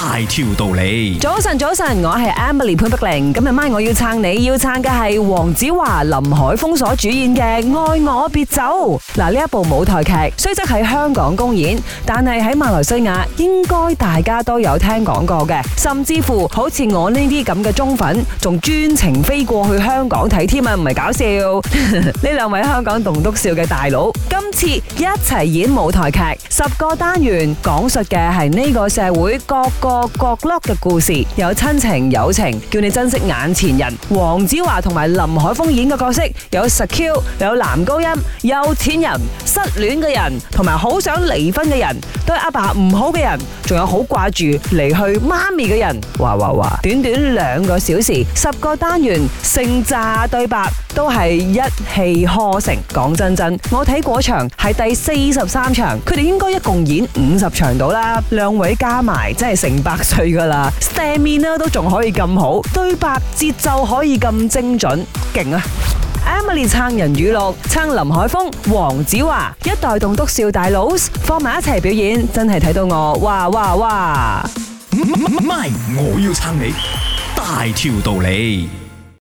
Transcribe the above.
大條道理，早晨早晨，我係 Emily 潘碧玲，今日晚我要撐你要撐嘅係黃子華、林海峰所主演嘅《愛我別走》。嗱，呢一部舞台劇雖則喺香港公演，但係喺馬來西亞應該大家都有聽講過嘅，甚至乎好似我呢啲咁嘅忠粉，仲專程飛過去香港睇添啊，唔係搞笑？呢 兩位香港棟篤笑嘅大佬，今次一齊演舞台劇，十個單元講述嘅係呢個社會各個。個角落嘅故事，有親情友情，叫你珍惜眼前人。黃子華同埋林海峰演嘅角色，又有實 Q，又有男高音，有錢人、失戀嘅人，同埋好想離婚嘅人，對阿爸唔好嘅人，仲有好掛住離去媽咪嘅人，哇哇哇！哇哇，短短兩個小時，十個單元，成紮對白都係一氣呵成。講真真，我睇嗰場係第四十三場，佢哋應該一共演五十場度啦，兩位加埋真係成百歲噶啦，Stamina 啦都仲可以咁好，對白節奏可以咁精準，勁啊！Emily 撐人語錄，撐林海峰、黃子華，一代棟篤笑大佬放埋一齊表演，真係睇到我哇哇哇！唔係，我要撐你，大條道理。